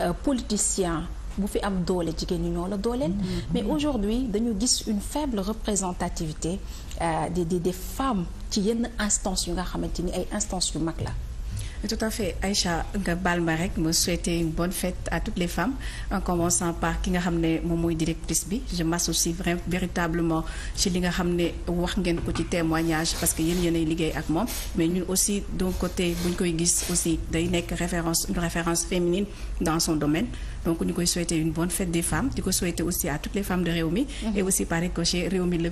Euh, politicien bu fi am doole jigéen ñi ñoo la dooleel. Mm-hmm. mais aujourd'hui dañu gis une faible représentativité euh, des des des femmes ci yenn instances yu nga xamante ni ay instances yu mag la. tout à fait Aïcha nga baal ma rek ma souhaiter une bonne fête à toutes les femmes en commençant par ki nga xam ne moom mooy directrice bi je m'associe vraiment véritablement ci li nga xam ne wax ngeen ko ci témoignage parce que yéen yéenay liggéey ak moom mais ñun aussi d'un côté bu koy gis aussi day nekk référence une référence féminine dans son domaine donc ñu koy souhaiter une bonne fête des femmes di ko souhaiter aussi à toutes les femmes de Rewmi mm-hmm. par ricochet Rewmi la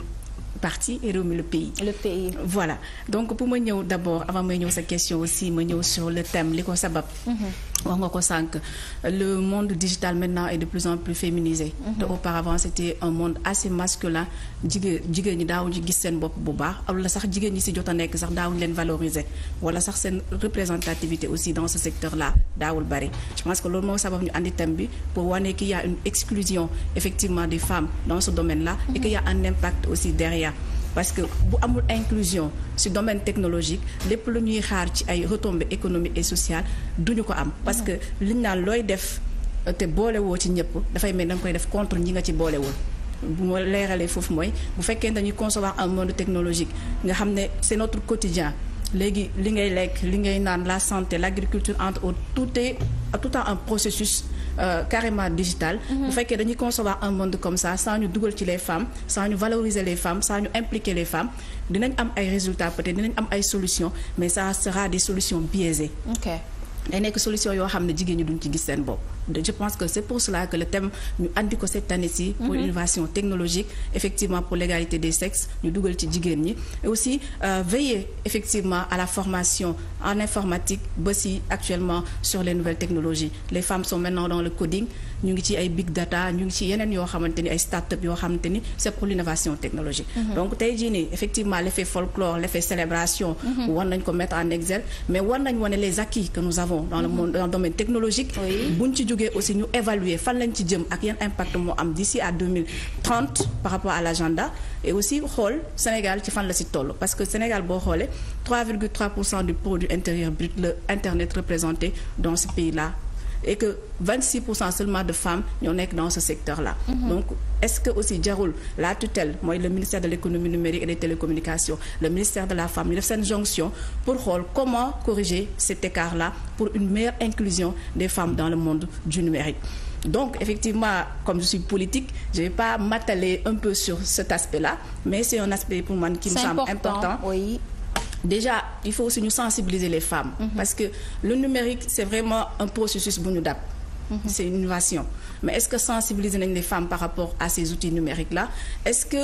parti et Rewmi le pays. le pays voilà donc pour ma ñëw d'abord avant may ñëw sa question aussi ma ñëw sur le thème li ko sabab. Mm-hmm. wax nga ko sànq le monde digital maintenant est de plus en plus féminisé mhm. te auparavant c'était un monde assez masculin jigéen jigéen ñi daawuñu ci gis seen bopp bu baax wala sax jigéen ñi si jot a nekk sax daawuñu leen valoriser wala sax seen représentativité aussi dans ce secteur là daawul bari parce que loolu moo sabab ñu andi thème bi pour wane qu'il y a une exclusion effectivement des femmes dans ce domaine là et mhm. qu'il a un impact aussi derrière parce que bu amul inclusion ci domaine technologique lépp lu ñuy xaar ci ay retombées économiques et sociales duñu ko am parce que liñ naan looy def euh, te boolewoo ci ñëpp dafay mel da nga koy def contre ñi nga ci boolewul bu ma leeralee foofu mooy bu fekkee dañuy concevoir un monde technologique nga xam ne c'est notre quotidien léegi li ngay lekk li ngay naan la santé l'agriculture entre autres tout est tout a un processus euh, carrément digital. Mhm. bu fekkee dañuy concevoir un monde comme ça sans ñu dugal ci les femmes sans ñu valoriser les femmes sans ñu impliquer les femmes dinañ am ay résultat peut-être dinañ am ay solution mais ça sera des solutions biaisées. ok day nekk solution yoo xam ne jigéen ñi duñ ci gis seen bopp. je pense que c'est pour cela que le thème ñu andi ko cette ci pour l'innovation mhm. technologique effectivement pour l'égalité des sexes ñu dugal ci jigéen ñi aussi euh, veiller effectivement à la formation en informatique ba ci actuellement sur les nouvelles technologies les femmes sont maintenant dans le coding ñu ngi ci ay big data ñu ngi ci yeneen yoo xamante ni ay start-up yoo xamante ni c'est pour l'innovation technologique mm -hmm. donc tey jii nii effectivement l'effet folklore l'effet mhm. ko mais war nañ wane les acquis que jógee aussi ñu évaluer fan lañ ci jëm ak yan impact moo am d'ici à 2030 par rapport à l'agenda et aussi xool Sénégal ci fan la si toll parce que Sénégal boo xoolee 3,3 pour cent du produit intérieur brut la internet représenté dans ce pays là et que 26 pour cent seulement de ñoo nekk dans ce secteur là. Mm-hmm. jarul la mooy le ministère de l'économie numérique et des télécommunications le ministère de la femme pour xool comment corriger cet une meilleure inclusion des femmes dans le monde du numérique. donc comme je suis politique je vais pas mais c'est un aspect déjà il faut aussi ñu sensibiliser les femmes. Mhm. parce que le numérique c'est vraiment un processus bu ñu dab. Mm-hmm. c'est une innovation mais est-ce que sensibiliser nañ les femmes par rapport à ces outils numériques là est-ce que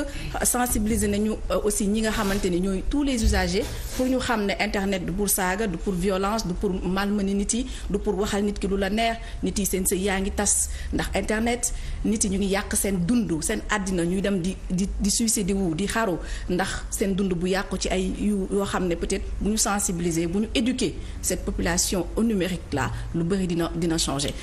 sensibiliser nañu euh, aussi ñi nga xamante ne ñooy tous les usagers pour ñu xam ne internet du pour saaga du pour violence du pour malmener nit yi du pour waxal nit ki lu la neer nit yi seen sëy yaa ngi tas ndax internet nit yi ñu ngi yàq seen dund seen àddina ñuy dem di di di suicide wu di xaru ndax seen dund bu yàqu ci ay yu yoo xam ne peut-être bu ñu sensibiliser bu ñu éduquer cette population numérique là lu bëri dina dina changer